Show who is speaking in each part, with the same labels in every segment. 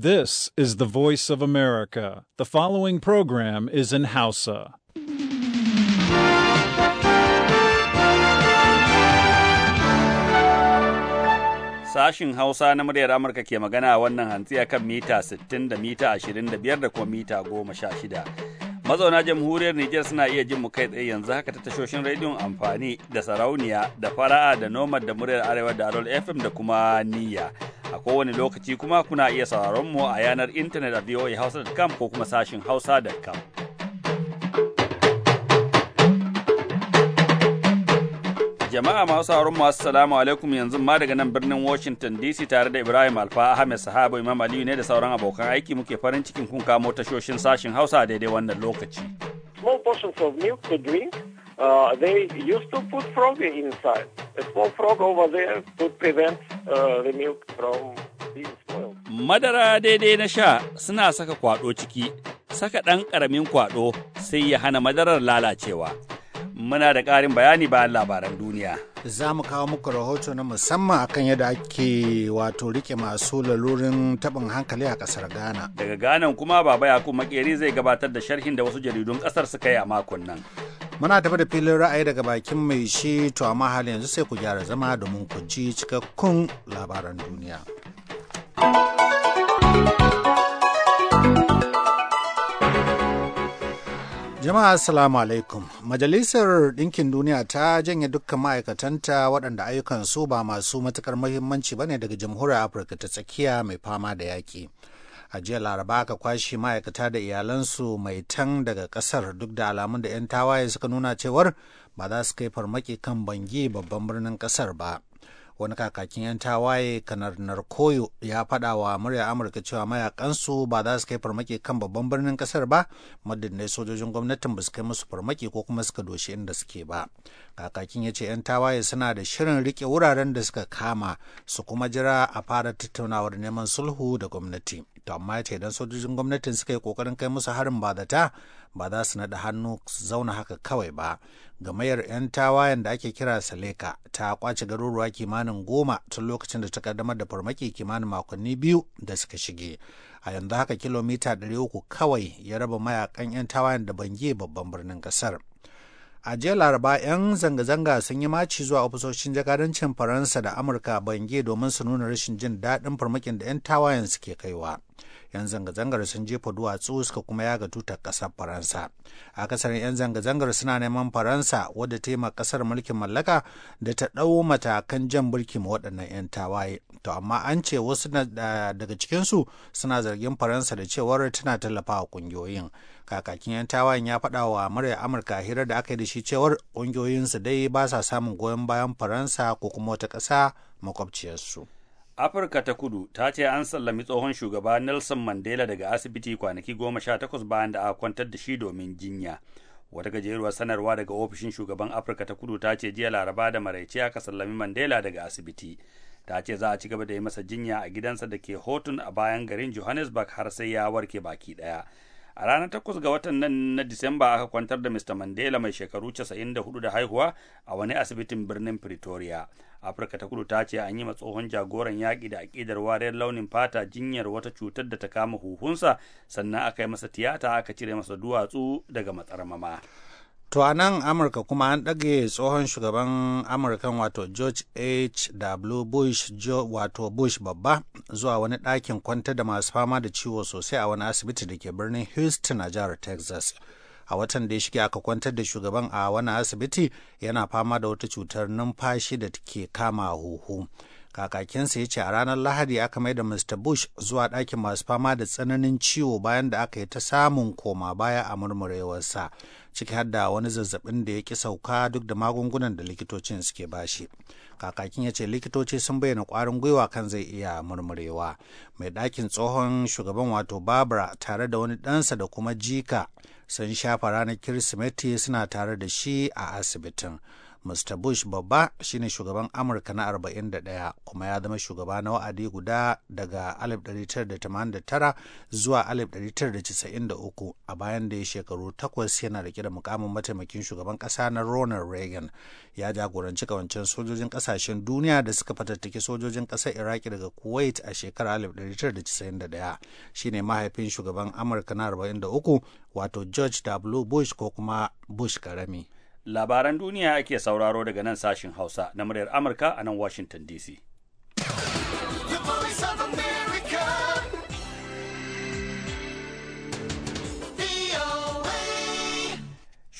Speaker 1: This is the voice of America. The following program is in Hausa.
Speaker 2: Sashin Hausa na muryar Amurka ke magana wannan hantsi akan mita 60 da mita 25 da kuma mita 16. mazauna jamhuriyar Nijar suna iya jin mu kai tsaye yanzu haka ta tashoshin rediyon amfani da sarauniya da fara'a da nomad da muryar arewa da arol fm da kuma niyya A kowane lokaci kuma kuna iya sauraron mu a yanar intanet a voahausa.com ko kuma sashin hausa.com. Jama'a masu sauraron mu assalamu alaikum yanzu ma daga nan birnin Washington DC tare da Ibrahim Alfa Ahmed Sahabo Imam Aliyu ne da sauran abokan aiki muke farin cikin kun kamo tashoshin sashin Hausa daidai wannan lokaci.
Speaker 3: Small portions of milk to drink, uh, they used to put frog inside. A small frog over there could prevent
Speaker 2: Madara daidai na sha suna saka kwaɗo ciki, saka ɗan ƙaramin kwaɗo sai ya hana madarar lalacewa. Muna da ƙarin bayani bayan labaran duniya. Za mu kawo muku
Speaker 1: rahoto na musamman akan yadda ake wato rike masu lalurin taɓin hankali a
Speaker 2: ƙasar Ghana. Daga Ghana kuma Baba Yakub Makeri zai gabatar da sharhin da wasu jaridun ƙasar suka yi a makon nan.
Speaker 1: Muna tafi da filin ra'ayi daga bakin mai shi to amma hali yanzu sai ku gyara zama domin ku ci cikakkun labaran duniya. Jama'a Assalamu alaikum. Majalisar Ɗinkin Duniya ta janye dukkan ma'aikatanta waɗanda ayyukansu ba masu matuƙar muhimmanci ba ne daga Jamhuriyar Afirka ta tsakiya mai fama da yaƙi. a jiya laraba aka kwashe ma'aikata da iyalansu mai tan daga kasar duk da alamun da 'yan tawaye suka nuna cewar ba za su kai farmaki kan bangi babban birnin kasar ba wani kakakin 'yan tawaye kanar narkoyo ya faɗa wa murya amurka cewa mayakansu ba za su kai farmaki kan babban birnin ƙasar ba madadin sojojin gwamnatin ba su kai musu farmaki ko kuma suka doshi inda suke ba kakakin ya ce 'yan tawaye suna da shirin rike wuraren da suka kama su kuma jira a fara tattaunawar neman sulhu da gwamnati to amma ya ce idan sojojin gwamnatin suka yi ƙoƙarin kai musu harin ba zata ba za su naɗa hannu su zauna haka kawai ba gamayar 'yan tawayen da ake kira saleka ta kwace garuruwa kimanin goma tun lokacin da ta kaddamar da farmaki kimanin makonni biyu da suka shige a yanzu haka kilomita 300 kawai ya raba mayakan 'yan tawayen da bange babban birnin kasar a jiya laraba 'yan zanga-zanga sun yi maci zuwa ofisoshin jakadancin faransa da amurka bange domin su nuna rashin jin daɗin farmakin da 'yan tawayen suke kaiwa 'yan zanga-zangar sun jefa duwatsu suka kuma yaga tutar ƙasar faransa a kasar 'yan zanga-zangar suna neman faransa wadda ta yi ma ƙasar mulkin mallaka da ta ɗau matakan jan burki ma waɗannan 'yan tawaye to amma an ce wasu daga cikinsu suna zargin faransa da cewar tana tallafawa ƙungiyoyin kakakin 'yan tawayen ya faɗa wa murya amurka hirar da aka yi da shi cewar ƙungiyoyinsu dai ba sa samun goyon bayan faransa ko kuma wata ƙasa makwabciyarsu.
Speaker 2: Afirka ta Kudu ta ce an sallami tsohon shugaba Nelson Mandela daga asibiti kwanaki goma sha takwas bayan da a kwantar da shi domin jinya. Wata gajeruwar sanarwa daga ofishin shugaban Afirka ta Kudu ta ce jiya Laraba da maraice aka sallami Mandela daga asibiti. Ta ce za a ci gaba da yi masa jinya a gidansa da ke Hotun a bayan garin Johannesburg har sai ya warke baki ɗaya. A ranar takwas ga watan nan na Disamba aka kwantar da Mr. Mandela mai shekaru 94 da haihuwa a wani asibitin birnin Pretoria. Afirka ta kudu ta ce an yi tsohon jagoran yaƙi da aƙidar wariyar launin fata jinyar wata cutar da ta kama huhunsa sannan aka yi masa tiyata aka cire masa duwatsu daga matsarmama.
Speaker 1: To a nan Amurka kuma an ɗage tsohon shugaban Amurkan wato George H. W. Bush wato Bush babba zuwa wani ɗakin kwanta da masu fama da ciwo sosai a wani asibiti da ke birnin Houston a jihar Texas. A watan da ya shige aka kwantar da shugaban a wani asibiti yana fama da wata cutar numfashi da ke kama huhu. kakakinsa ya ce a ranar lahadi aka mai da mr bush zuwa ɗakin masu fama da tsananin ciwo bayan da aka yi ta samun koma baya a murmurewarsa ciki har da wani zazzabin da ya ki sauka duk da magungunan da likitocin suke bashi kakakin ya ce likitoci sun bayyana kwarin gwiwa kan zai iya murmurewa mai ɗakin tsohon shugaban wato barbara tare da wani ɗansa da kuma jika sun shafa ranar kirsimeti suna tare da shi a asibitin Mr. Bush babba shine shugaban Amurka na 41 kuma ya zama shugaba na wa'adi guda daga 1989 zuwa 1993 a bayan da ya shekaru takwas yana rike da mukamin mataimakin shugaban ƙasa na Ronald Reagan. Ya jagoranci kawancin sojojin ƙasashen duniya da suka fatattaki sojojin ƙasar Iraki daga Kuwait a shekarar 1991 shine mahaifin shugaban Amurka na 43 wato George W. Bush ko kuma
Speaker 2: Bush karami. labaran duniya ake sauraro daga nan sashin hausa na muryar amurka a nan washington dc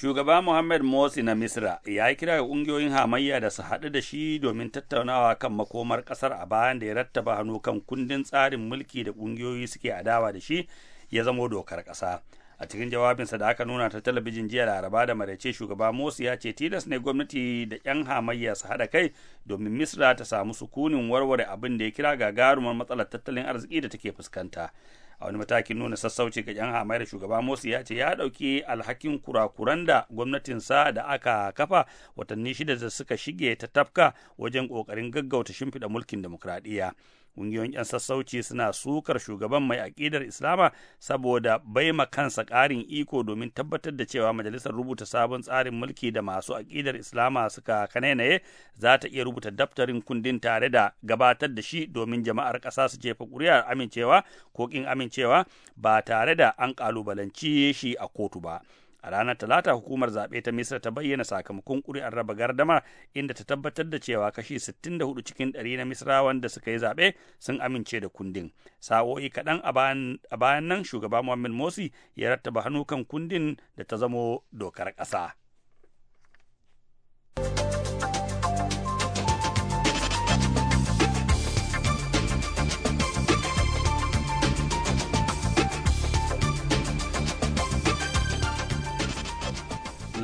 Speaker 2: shugaba Muhammad Morsi na Misra ya yi kira ga ƙungiyoyin hamayya da su haɗu da shi domin tattaunawa kan makomar ƙasar a bayan da ya rattaba hannu kan kundin tsarin mulki da ƙungiyoyi suke adawa da shi ya zamo dokar ƙasa. a cikin jawabinsa da aka nuna ta talabijin jiya laraba da maraice shugaba Morsi ya ce tilas ne gwamnati da 'yan hamayya su haɗa kai domin misra ta samu sukunin warware abin da ya kira gagarumar matsalar tattalin arziki da take fuskanta a wani matakin nuna sassauci ga 'yan hamayar shugaba Morsi ya ce ya ɗauki alhakin kurakuran da gwamnatinsa da aka kafa watanni shida da suka shige ta tafka wajen kokarin gaggauta shimfiɗa mulkin demokradiyya. ƙungiyoyin 'yan sassauci suna sukar shugaban mai aƙidar islama saboda baima kansa ƙarin iko domin tabbatar da cewa majalisar rubuta sabon tsarin mulki da masu aƙidar islama suka kanenaye za ta iya rubuta daftarin kundin tare da gabatar da shi domin jama'ar ƙasa su jefa ƙuri'ar amincewa ko ƙin amincewa ba tare da an ƙalubalanci shi a kotu ba. a ranar talata hukumar zaɓe ta misra ta bayyana sakamakon ƙuri'ar raba gardama inda ta tabbatar da cewa kashi 64 cikin 100 na misra wanda suka yi zaɓe sun amince da kundin sa'o'i kaɗan a bayan nan shugaba muhammad morsi ya rattaba hannu kan kundin da ta zamo dokar ƙasa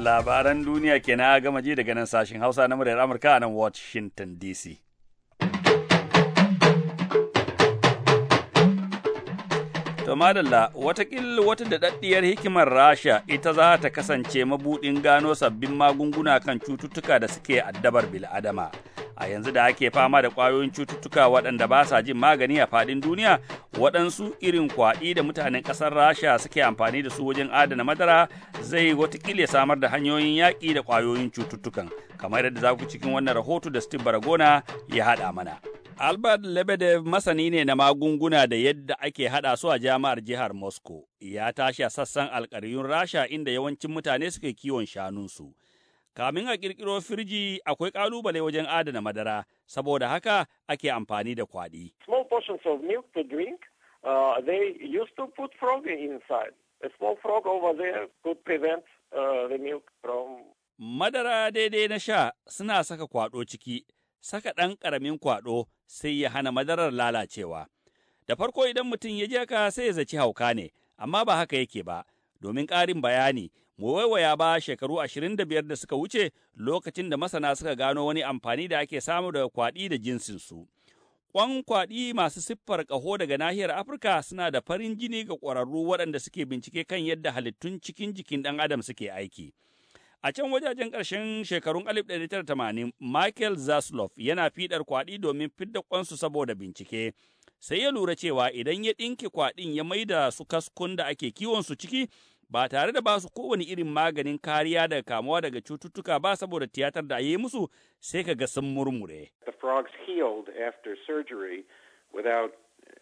Speaker 2: labaran duniya ke na gama ji daga nan sashen hausa na muryar amurka a nan washington dc To madalla watakil wata daɗaɗɗiyar hikimar Rasha ita za ta kasance mabuɗin gano sabbin magunguna kan cututtuka da suke addabar bil'adama. adama. a yanzu da ake fama da ƙwayoyin cututtuka waɗanda ba sa jin magani a faɗin duniya waɗansu irin kwaɗi da mutanen ƙasar rasha suke amfani da su wajen adana madara zai watakila samar da hanyoyin yaƙi da ƙwayoyin cututtukan kamar yadda za ku cikin wannan rahoto da steve baragona ya haɗa mana Albert Lebedev masani ne na magunguna da yadda ake haɗa su a jami'ar jihar Moscow. Ya tashi a sassan alƙaryun Rasha inda yawancin mutane suke kiwon shanunsu. Kamin a ƙirƙiro firji akwai ƙalubale wajen adana madara, saboda haka ake amfani da kwaɗi.
Speaker 3: Small portions of milk to drink, uh, they used to put frog inside. A small frog over there could prevent uh,
Speaker 2: Madara daidai na sha suna saka kwaɗo ciki, saka ɗan ƙaramin kwaɗo sai ya hana madarar lalacewa. Da farko idan mutum ya ji haka sai ya zaci hauka ne, amma ba haka yake ba, domin ƙarin bayani waiwaya ba shekaru ashirin da suka wuce lokacin da masana suka gano wani amfani da ake samu daga kwaɗi da jinsinsu. Ƙwan kwaɗi masu siffar ƙaho daga nahiyar Afirka suna da farin jini ga ƙwararru waɗanda suke bincike kan yadda halittun cikin jikin ɗan adam suke aiki. A can wajajen ƙarshen shekarun 1980, Michael Zaslov yana fiɗar kwaɗi domin fidda ƙwansu saboda bincike. sai ya lura cewa idan ya ɗinke kwaɗin ya maida su kaskun da ake kiwon su ciki ba tare da ba su kowane irin maganin kariya daga kamuwa daga cututtuka ba saboda tiyatar da a yi musu sai ka ga sun murmure.
Speaker 3: The frogs healed after surgery without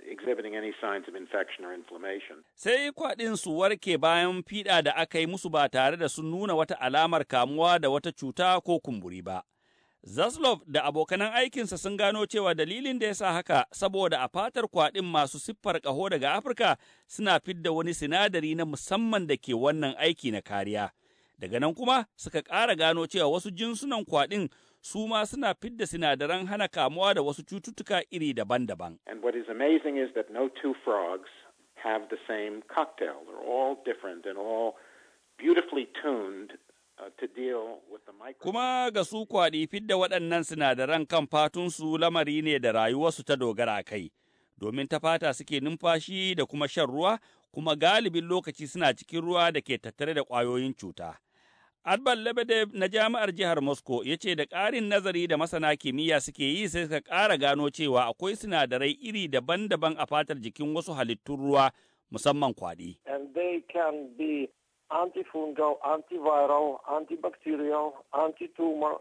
Speaker 3: exhibiting any signs of infection or inflammation.
Speaker 2: Sai kwaɗin su warke bayan fiɗa da aka yi musu ba tare da sun nuna wata alamar kamuwa da wata cuta ko kumburi ba. Zaslov da abokanan aikinsa sun gano cewa dalilin da ya sa haka saboda a fatar kwaɗin masu siffar ƙaho daga Afirka suna fidda wani sinadari na musamman da ke wannan aiki na kariya. Daga nan kuma suka ƙara gano cewa wasu jinsunan kwaɗin su ma suna fidda sinadaran hana kamuwa da wasu cututtuka iri daban-daban.
Speaker 3: And what is amazing no two frogs have the same cocktail. They're all different and all beautifully tuned Uh, kuma
Speaker 2: ga su kwaɗi fidda waɗannan sinadaran kan fatunsu lamari ne da rayuwarsu ta dogara kai, domin ta fata suke numfashi da kuma shan ruwa, kuma galibin lokaci suna cikin ruwa da ke tattare da ƙwayoyin cuta. Adban Lebedev na jami'ar jihar Moscow ya ce da ƙarin nazari da masana kimiyya suke yi sai suka ƙara gano cewa akwai sinadarai iri daban-daban a fatar jikin wasu halittun ruwa musamman kwaɗi.
Speaker 3: antifungal, antiviral, antibacterial, antitumor,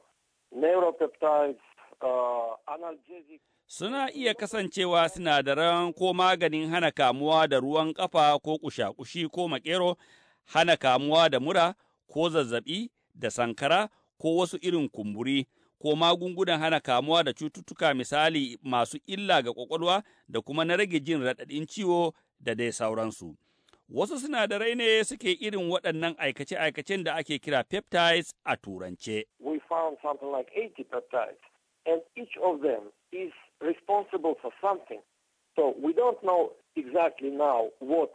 Speaker 3: neuropeptides, uh, analgesic.
Speaker 2: Suna iya kasancewa sinadaran ko maganin hana kamuwa da ruwan ƙafa ko kushakushi ko makero, hana kamuwa da mura ko zazzaɓi da sankara ko wasu irin kumburi. ko magungunan hana kamuwa da cututtuka misali masu illa ga ƙwaƙwalwa da kuma na rage jin raɗaɗin ciwo da dai sauransu. Wasu sinadarai ne suke irin waɗannan aikace-aikacen da ake kira peptides a turance.
Speaker 3: We found something like 80 peptides, and each of them is responsible for something. So we don't know exactly now what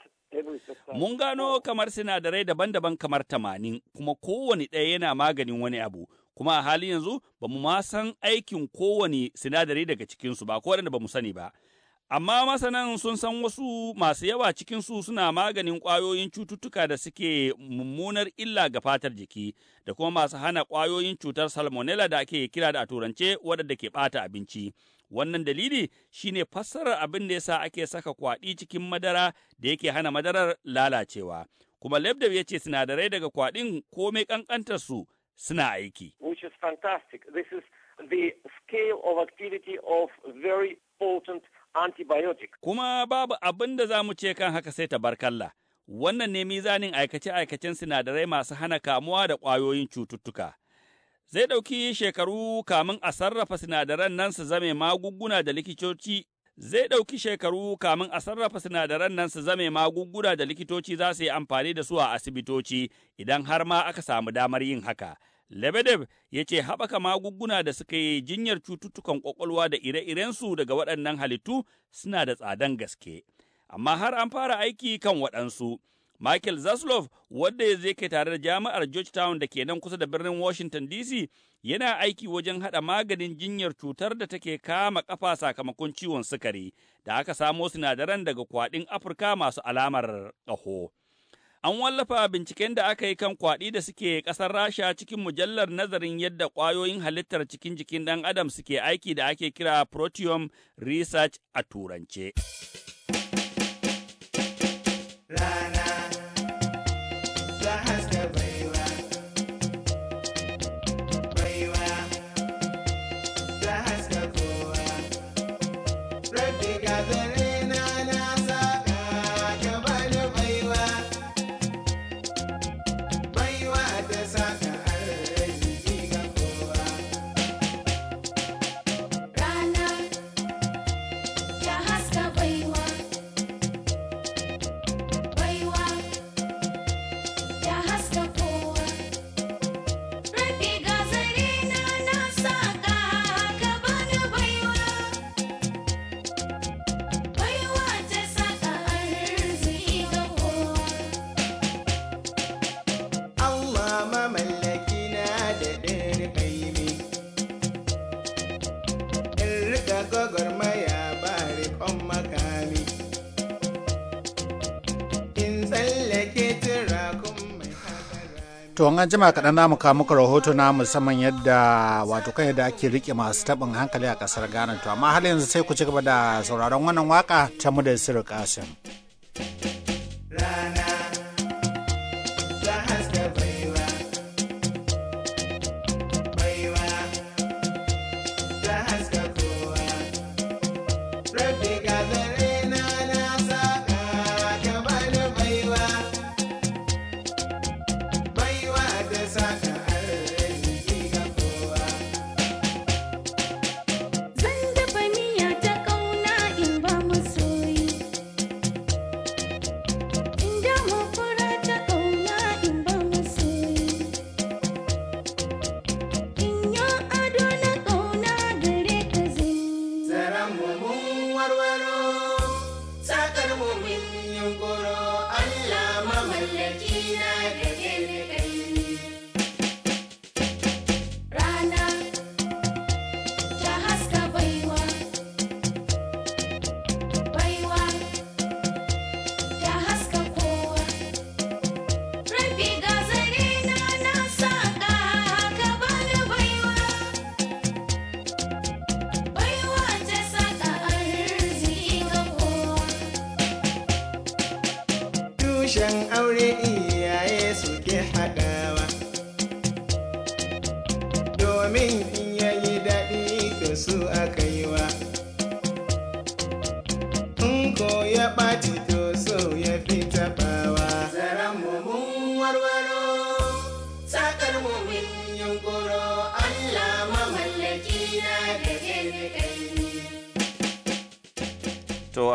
Speaker 3: Mun
Speaker 2: gano kamar sinadarai daban-daban kamar tamanin kuma kowane ɗaya yana maganin wani abu, kuma a halin yanzu ba mu ma san aikin kowane sinadari daga cikinsu ba ko da ba mu sani ba. amma masanan sun san wasu masu yawa cikinsu suna maganin ƙwayoyin cututtuka da suke mummunar illa ga fatar jiki da kuma masu hana ƙwayoyin cutar salmonella da ake kira da a turance waɗanda ke ɓata abinci. Wannan dalili shine fassarar abin da yasa ake saka kwaɗi cikin madara da yake hana madarar lalacewa. Kuma labdab ya ce sinadarai daga kwaɗin komai ƙanƙantar su suna aiki.
Speaker 3: Which is fantastic. This is the scale of activity of very potent antibiotic.
Speaker 2: Kuma babu abin da za mu ce kan haka sai ta tabarkalla. Wannan ne mizanin aikace-aikacen sinadarai masu hana kamuwa da ƙwayoyin cututtuka. Zai ɗauki shekaru kamun a sarrafa sinadaran nan su zame magunguna da likitoci zai ɗauki shekaru kamin a sarrafa sinadaran nan su zame magunguna da likitoci za su yi amfani da su a asibitoci idan har ma aka samu damar yin haka. Lebedev ya ce haɓaka magunguna da suka yi jinyar cututtukan ƙwaƙwalwa da ire-irensu daga waɗannan halittu suna da tsadan gaske, amma har an fara aiki kan waɗansu. Michael Zaslov, wadda ya zai kai tare da jami'ar Georgetown da ke nan kusa da birnin Washington DC, yana aiki wajen haɗa maganin jinyar cutar da take kama ƙafa sakamakon ciwon sukari, da aka samo sinadaran daga kwaɗin Afirka masu alamar ƙaho. An wallafa binciken da aka yi kan kwaɗi da suke ƙasar Rasha cikin mujallar nazarin yadda ƙwayoyin halittar cikin jikin ɗan Adam suke aiki da ake kira Proteome Research a Turance.
Speaker 4: gwagwarmaya ba rikon makami in tsallake
Speaker 1: to an jima kaɗan namu kawo ka rahoto na musamman yadda wato kan yadda ake rike masu taɓin hankali a ƙasar ghana to amma har yanzu sai ku ci gaba da sauraron wannan waka ta mu da sirri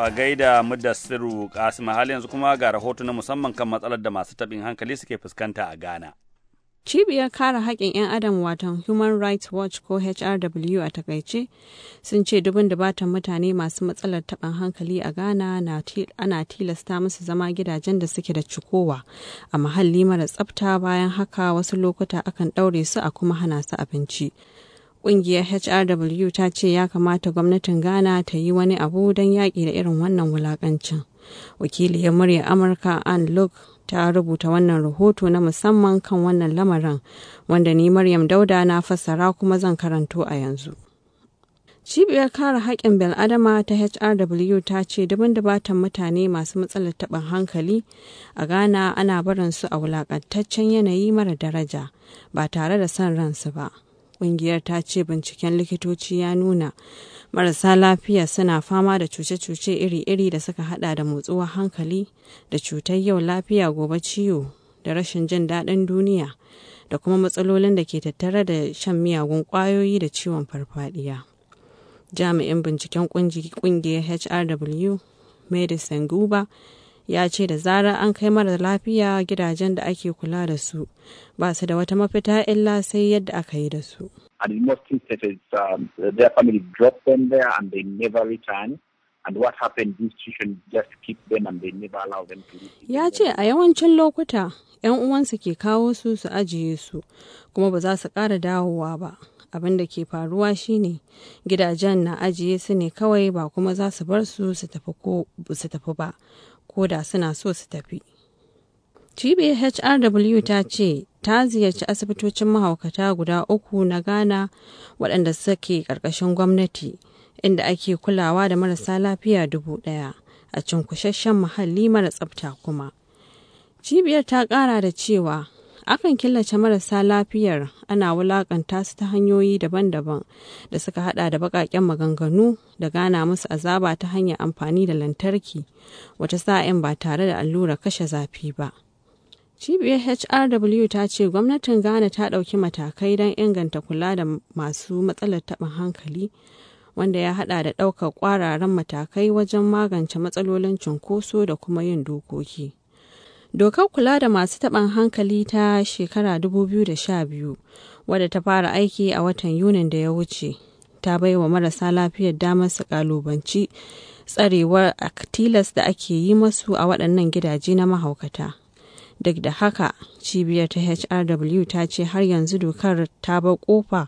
Speaker 2: a gaida siru kasima hali yanzu kuma ga rahoto na musamman kan matsalar da masu taɓin hankali suke fuskanta a ghana
Speaker 5: Cibiyar kare haƙƙin 'yan Adam watan Human Rights Watch ko HRW a takaice sun ce dubin dubatan mutane masu matsalar taɓin hankali a Ghana ana tilasta musu zama gidajen da suke da cikowa a muhalli mara tsafta bayan haka wasu lokuta akan ɗaure su a kuma hana su abinci. Ƙungiyar HRW ta ce ya kamata gwamnatin Ghana ta yi wani abu don yaƙi da irin wannan wulaƙancin. Wakiliyar murya Amurka Ann Luke ta rubuta wannan rahoto na musamman kan wannan lamarin wanda ni Maryam Dauda na fassara kuma zan karanto a yanzu. Cibiyar kare haƙƙin bil'adama ta HRW ta ce dubin dubatan mutane masu matsalar taɓin hankali a Ghana ana barin su a wulaƙantaccen yanayi mara daraja ba tare da son ransu ba. Ƙungiyar ta ce binciken likitoci ya nuna marasa lafiya suna fama da cuce-cuce iri-iri da suka hada da motsuwar hankali da cutar yau lafiya gobe ciwo da rashin jin daɗin duniya da kuma matsalolin da ke tattare da shan miyagun ƙwayoyi da ciwon farfadiya. Jami'in binciken ƙungiyar HRW, medicine Guba, ya ce da zarar an kai mara lafiya gidajen da ake kula da su ba su da wata mafita illa sai yadda aka yi da su. Um, ya ce a yawancin lokuta yan uwansu ke kawo su su ajiye su kuma ba za su ƙara dawowa ba abin da ke faruwa shine gidajen na ajiye su ne kawai ba kuma za su bar su su tafi ba ko da suna so su tafi. Cibiyar HRW ta ce ta ziyarci asibitocin mahaukata guda uku na Ghana waɗanda suke ƙarƙashin gwamnati inda ake kulawa da marasa lafiya dubu ɗaya a cinkushashen muhalli mara tsabta kuma. Cibiyar ta ƙara da cewa Akan killace marasa lafiyar ana wulakanta su ta hanyoyi daban-daban da suka hada da baƙaƙen maganganu da gana musu azaba ta hanyar amfani da lantarki wata sa'in ba tare da allura kashe zafi ba. Cibiyar HRW ta ce gwamnatin Ghana ta ɗauki matakai don inganta kula da masu matsalar taɓin hankali wanda ya hada da ɗaukar kwararan matakai wajen magance matsalolin cunkoso da kuma yin dokoki. dokar kula da masu taɓin hankali ta shekara 2012 wadda ta fara aiki a watan yunin da ya wuce ta bai wa marasa lafiyar damar su kalubanci tsarewar tilas da ake yi masu a waɗannan gidaje na mahaukata duk da haka cibiyar ta hrw ta ce har yanzu dokar ta bar kofa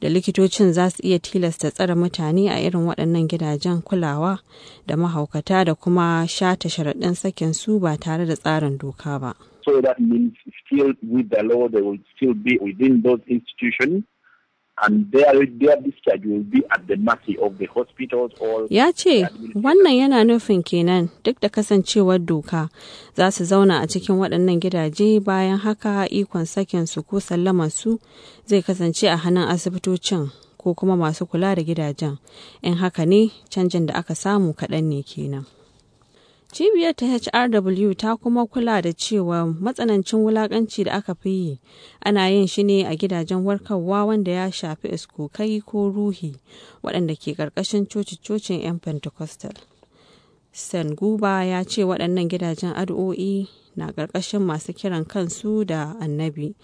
Speaker 5: da likitocin za su iya tilasta tsare mutane a irin waɗannan gidajen kulawa da mahaukata da kuma shata sharaɗin sakin su ba tare da tsarin doka ba.
Speaker 6: So that means still with the law they still be within those institutions Ya ce,
Speaker 5: Wannan yana nufin kenan duk da kasancewar doka za su zauna a cikin waɗannan gidaje bayan haka ikon sakin su ko su zai kasance a hannun asibitocin ko kuma masu kula da gidajen. In haka ne, canjin da aka samu kaɗan ne kenan. Cibiyar ta HRW ta kuma kula da cewa matsanancin wulakanci da aka fi yi ana yin shi ne a gidajen warkarwa wanda ya shafi iskokai ko ruhi waɗanda ke ƙarƙashin coci-cocin 'yan Pentecostal. Senguba ya ce waɗannan gidajen addu'o'i na ƙarƙashin masu kiran kansu da annabi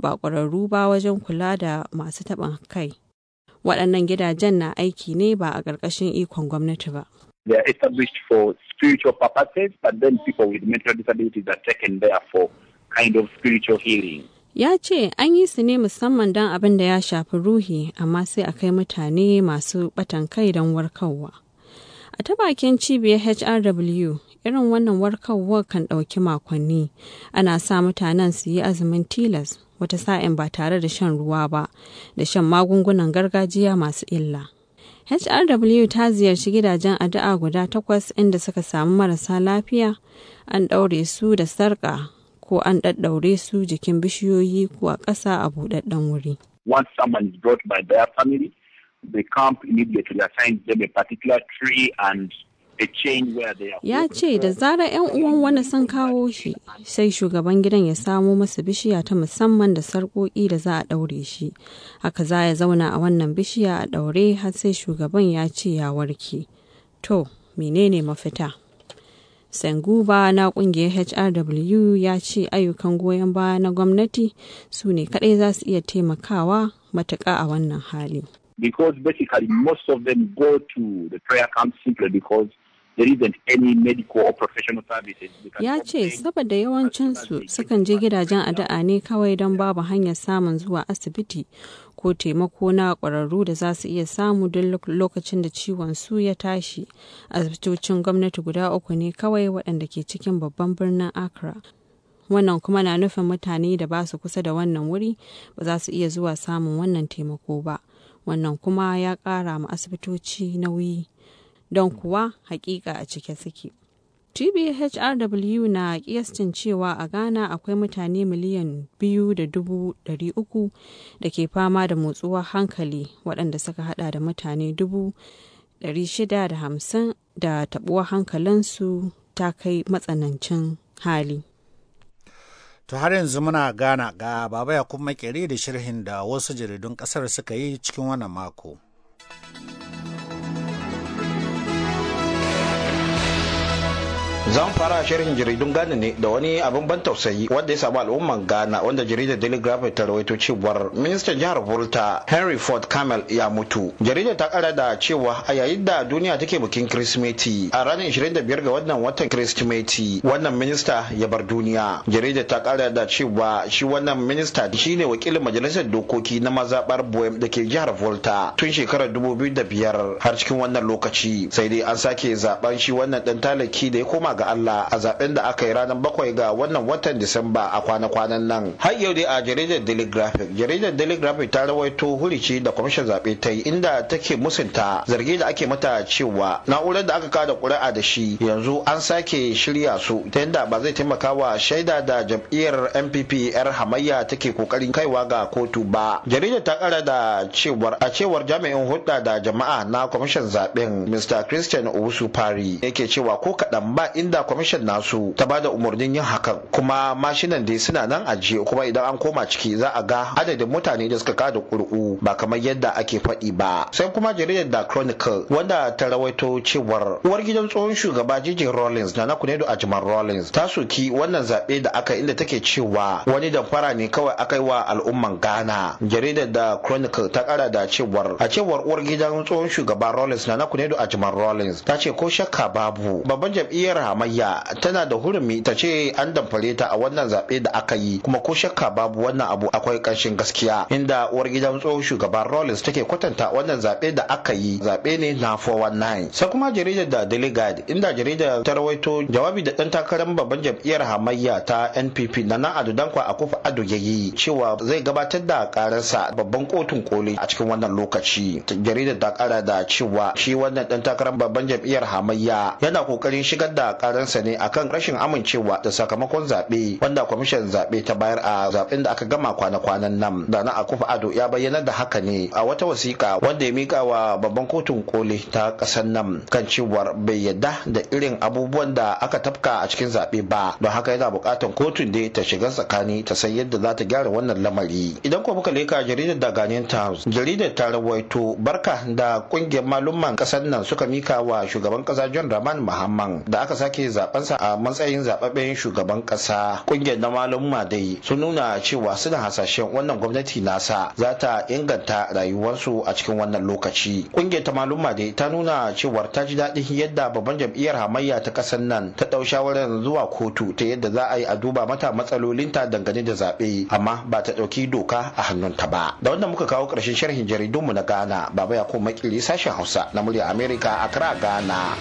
Speaker 5: ba ƙwararru ba wajen kula da masu taɓin kai. Waɗannan gidajen na aiki ne ba a ƙarƙashin ikon gwamnati ba.
Speaker 6: They are established for spiritual purposes, but then people with mental disabilities are taken there for kind of spiritual healing.
Speaker 5: Ya ce an yi su ne musamman don abin da ya shafi ruhi, amma sai a kai mutane masu batan kai don warkarwa. A ta bakin cibiyar HRW, irin wannan warkarwa kan ɗauki makonni, ana sa mutanen su yi azumin tilas, wata sa'in ba tare da shan ruwa ba, da shan magungunan gargajiya masu illa. HRW ta ziyarci gidajen addu'a guda takwas inda suka samu marasa lafiya an ɗaure su da sarƙa ko an ɗaɗɗaure su jikin bishiyoyi ko a ƙasa a buɗaɗɗen wuri.
Speaker 6: Once someone is brought by their family, they camp immediately assign them a particular tree and Ya
Speaker 5: ce da zarar 'yan uwan wani sun kawo shi sai shugaban gidan ya samo masa bishiya ta musamman da sarƙoƙi da za a ɗaure shi. Haka za ya zauna a wannan bishiya a ɗaure har sai shugaban ya ce ya warke. To, menene mafita? Senguba na kungiyar HRW ya ce ayyukan goyon baya na gwamnati su ne kaɗai za su iya taimakawa matuƙa a wannan hali.
Speaker 6: Because basically most of them go to the prayer camp simply because
Speaker 5: Ya ce saboda yawancinsu sukan je gidajen addu'a ne kawai don babu hanyar samun zuwa asibiti ko taimako na ƙwararru da za su iya samu don lokacin da ciwon su ya tashi. Asibitocin gwamnati guda uku ne kawai waɗanda ke cikin babban birnin Accra. Wannan kuma na nufin mutane da ba su kusa da wannan wuri ba za su iya zuwa samun wannan taimako ba. Wannan kuma ya kara ma asibitoci nauyi. don kuwa hakika a cike suke. TBHRW na kiyastin cewa a Ghana akwai mutane miliyan biyu da dubu dari uku da ke fama da motsuwar hankali waɗanda suka hada da mutane dubu dari shida da hamsin da taɓuwar hankalinsu ta kai matsanancin hali.
Speaker 1: To har yanzu muna gana ga baba ya kuma makere da shirhin da wasu jaridun ƙasar suka yi cikin wannan mako.
Speaker 4: zan fara shirin jaridun gane ne da wani abin ban tausayi wanda ya samu al'umman Gana. wanda jaridar Daily Graphic ta rawaito cewar ministan jihar Volta Henry Ford Camel ya mutu. Jaridar ta kara da cewa a yayin da duniya take bikin Kirsimeti a ranar 25 ga wannan watan Kirsimeti wannan minista ya bar duniya. Jaridar ta kara da cewa shi wannan minista shine wakilin majalisar dokoki na mazabar Boem da ke jihar Volta tun shekarar 2005 har cikin wannan lokaci sai dai an sake zaben shi wannan dan talaki da ya koma ga Allah a zaben da aka yi ranar bakwai ga wannan watan Disamba a kwana-kwanan nan. Har yau dai a jaridar Daily Graphic, jaridar Daily Graphic ta rawaito hurici da kwamishin zaɓe ta yi inda take musunta zargi da ake mata cewa na'urar da aka kada ƙuri'a da shi yanzu an sake shirya su ta yadda ba zai taimaka wa shaida da jam'iyyar NPP 'yar hamayya take kokarin kaiwa ga kotu ba. Jaridar ta kara da cewar a cewar jami'in hulɗa da jama'a na kwamishin zaɓen Mr. Christian Owusu Pari yake cewa ko kaɗan ba inda kwamishin nasu ta bada umarnin yin hakan kuma mashinan dai suna nan ajiye kuma idan an koma ciki za a ga adadin mutane da suka kada kurku ba kamar yadda ake faɗi ba sai kuma jaridar da chronicle wanda ta rawaito cewar uwar gidan tsohon shugaba jijin rollins na kunedo ajman rollins ta soki wannan zaɓe da aka inda take cewa wani damfara ne kawai aka yi wa al'umman Gana. jaridar da chronicle ta kara da cewar a cewar uwar gidan tsohon shugaba rollins na kunedo ajman rollins ta ce ko shakka babu babban jam'iyyar hamayya tana da hurumi ta ce an damfare ta a wannan zaɓe da aka yi kuma ko shakka babu wannan abu akwai ƙarshen gaskiya inda uwar gidan tsohon shugaban rollins take kwatanta wannan zaɓe da aka yi zaɓe ne na 419 sai kuma jaridar da delegate inda jaridar ta rawaito jawabi da ɗan takarar babban jam'iyyar hamayya ta NPP na na Ado Dankwa Akufo Ado yi cewa zai gabatar da ƙararsa babban kotun koli a cikin wannan lokaci jaridar ta ƙara da cewa shi wannan ɗan takarar babban jam'iyyar hamayya yana kokarin shigar da karansa ne akan rashin amincewa da sakamakon zaɓe wanda kwamishin zaɓe ta bayar a zaɓen da aka gama kwana-kwanan nan da na akufa ado ya bayyana da haka ne a wata wasiƙa wanda ya mika wa babban kotun koli ta ƙasar nan kan cewar bai yadda da irin abubuwan da aka tafka a cikin zaɓe ba don haka yana buƙatar kotun da ta shiga tsakani ta san yadda za ta gyara wannan lamari idan kuma muka leka jaridar da ta times jaridar ta rawaito barka da ƙungiyar malumman ƙasar nan suka mika wa shugaban ƙasa john rahman mahamman da aka sake sake zabensa a matsayin zaɓaɓɓen shugaban ƙasa, ƙungiyar na malumma dai sun nuna cewa suna hasashen wannan gwamnati nasa za ta inganta rayuwarsu a cikin wannan lokaci kungiyar ta malumma dai ta nuna cewa ta ji daɗin yadda babban jam'iyyar hamayya ta ƙasar nan ta ɗau shawarar zuwa kotu ta yadda za a yi a duba mata matsalolinta dangane da zaɓe amma ba ta ɗauki doka a hannunta ba da wannan muka kawo ƙarshen sharhin mu na ghana baba ya ko makili sashen hausa na murya
Speaker 2: america accra ghana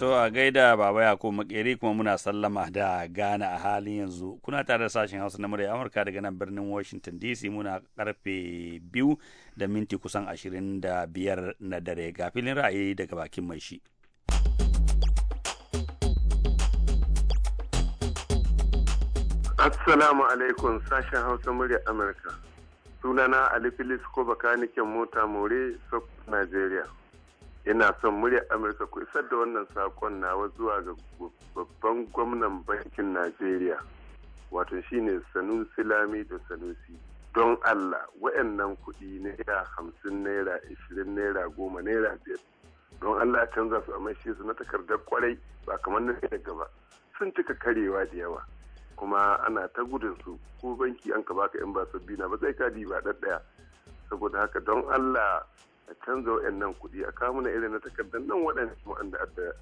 Speaker 2: To a gaida Baba ko Makeri kuma muna sallama da gana a halin yanzu. Kuna tare da sashen Hausa na murya Amurka daga nan birnin Washington DC muna karfe biyu da minti kusan ashirin da biyar na dare ga filin ra'ayi daga bakin mai shi.
Speaker 6: Assalamu alaikum sashen Hausa murya Amurka. Sunana Ali Filis ko bakaniken mota more, sub nigeria. yana son muryar amurka ku isar da wannan sakon nawa zuwa ga babban gwamnan bankin najeriya wato shine sanusi lami da sanusi don allah wa'annan kuɗi naira hamsin naira ishirin naira goma naira biyar don allah canza su a shi su na takardar kwarai ba kamar na daga ba sun cika karewa da yawa kuma ana ta gudun su ko banki an ka baka yan ba sabbi na ba zai kadi ba ɗaya saboda haka don allah a canza waɗannan kuɗi a kamuna irin na takardar nan waɗanda wa'anda adda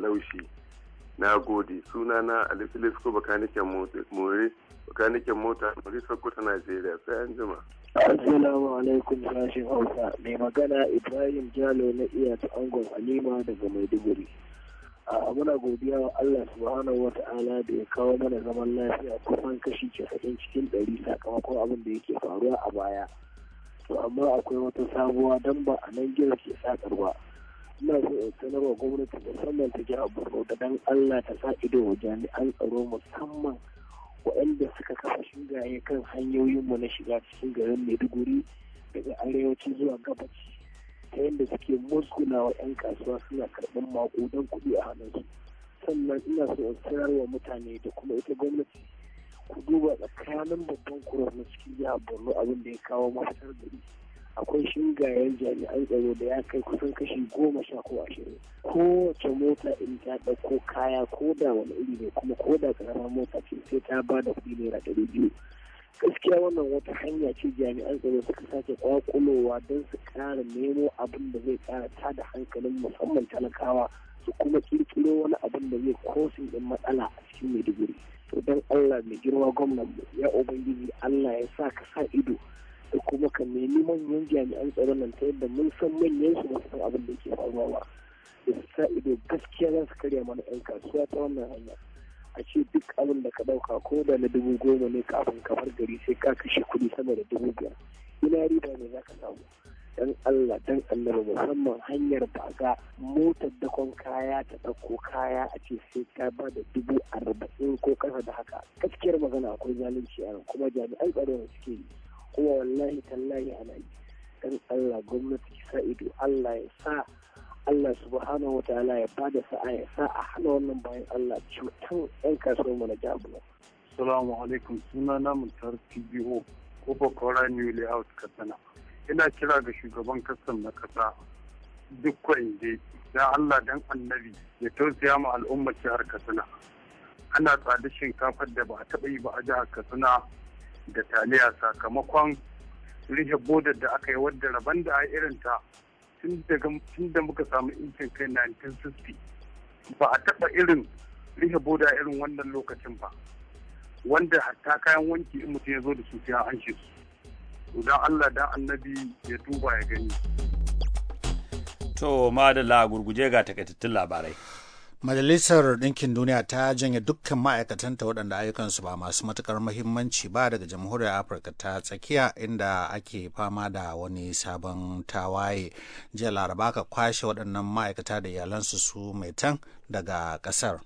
Speaker 6: laushi
Speaker 2: na gode suna na alifilis ko bakaniken mori bakanikin mota muri ta najeriya sai an jima
Speaker 7: assalamu alaikum sashen hausa mai magana ibrahim jalo na iya ta angon alima daga maiduguri a muna godiya wa allah subhanahu wa ta'ala da ya kawo mana zaman lafiya kusan kashi 90 cikin ɗari sakamakon abin da yake faruwa a baya to amma akwai wata sabuwa don ba a nan gina ke sakar ba ina so in sanarwa gwamnati musamman ta jiha borno da dan allah ta sa ido wa jami'an tsaro musamman waɗanda suka kafa shingaye kan mu na shiga cikin garin maiduguri daga arewaci zuwa gabaci ta yadda suke musguna wa 'yan kasuwa suna karɓar maƙudan kuɗi a hannunsu sannan ina so in sanarwa mutane da kuma ita gwamnati ku duba tsakanin babban kurar na cikin jihar borno abin da ya kawo mafitar gari akwai shingayen jami'an tsaro da ya kai kusan kashi goma sha ko ashirin kowace mota in ta ɗauko kaya ko da wani iri ne kuma ko da ƙaramar mota ce sai ta ba da kuɗi naira ɗari biyu gaskiya wannan wata hanya ce jami'an tsaro suka sake kwakulowa don su ƙara nemo abin da zai ƙara ta da hankalin musamman talakawa su kuma ƙirƙiro wani abin da zai kosin ɗin matsala a cikin maiduguri to don allah mai girma gwamnan mu ya ubangiji allah ya sa ka sa ido da kuma ka nemi manyan jami'an tsaron nan ta yadda mun san manyan su san abin da ke faruwa ba da su sa ido gaskiya za su karya mana yan kasuwa ta wannan hanya a ce duk abin da ka dauka ko da na dubu goma ne kafin kamar gari sai ka kashe kuɗi sama da dubu biyar ina riba ne za ka samu dan Allah dan Allah musamman hanyar baga motar dakon kaya ta ɗauko kaya a ce sai ta ba da dubu arba'in ko ƙasa da haka gaskiyar magana akwai zalunci a kuma jami'an tsaro da suke yi kuma wallahi tallahi a nan dan Allah gwamnati sa ido Allah ya sa Allah subhanahu wataala ya bada sa'a ya sa a hana wannan bayan Allah cutan ɗan kasuwar mu na jabula.
Speaker 6: Assalamu alaikum suna na mutar TBO ko Bakora New Layout Katsina. ina kira ga shugaban kasan na kasa duk kwanje da Allah dan annabi ya tausaya mu al'ummar jihar Katsina. Ana tsada shinkafar da ba a taɓa yi ba a jihar Katsina da taliya sakamakon rihe bodar da aka yi wadda rabon da a irinta tun da muka samu incin kai 1960 ba a taɓa irin rihe boda irin wannan lokacin ba wanda hatta kayan wanki in mutum ya zo da su sai
Speaker 2: an shi su idan Allah da annabi ya duba ya gani. To madalla gurguje ga takaitattun labarai.
Speaker 1: Majalisar Ɗinkin Duniya ta janye dukkan ma'aikatanta waɗanda ayyukansu ba masu matuƙar muhimmanci ba daga Jamhuriyar Afirka ta tsakiya inda ake fama da wani sabon tawaye. Jiya
Speaker 2: Laraba ka kwashe waɗannan ma'aikata da iyalansu su mai tan daga ƙasar.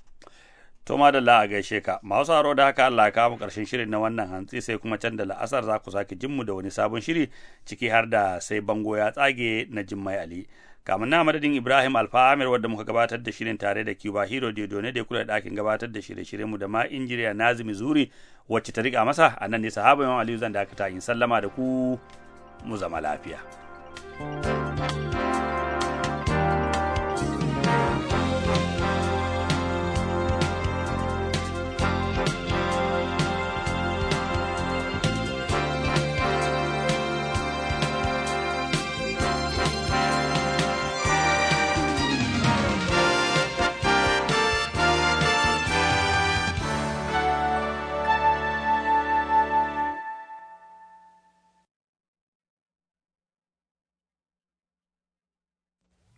Speaker 2: To madalla a gaishe ka, masu haro da haka Allah ya kawo karshen shirin na wannan hantsi sai kuma can da la'asar za ku sake jinmu da wani sabon shiri ciki har da sai bango ya tsage na jimmai Ali. Kamun na madadin Ibrahim Alfa Amir wadda muka gabatar da shirin tare da Cuba Hero da ne da kula da dakin gabatar da shirye mu da ma injiniya Nazimi Zuri wacce ta rika masa a nan ne sahaba yawan Aliyu zan dakata in sallama da ku mu zama lafiya. thank you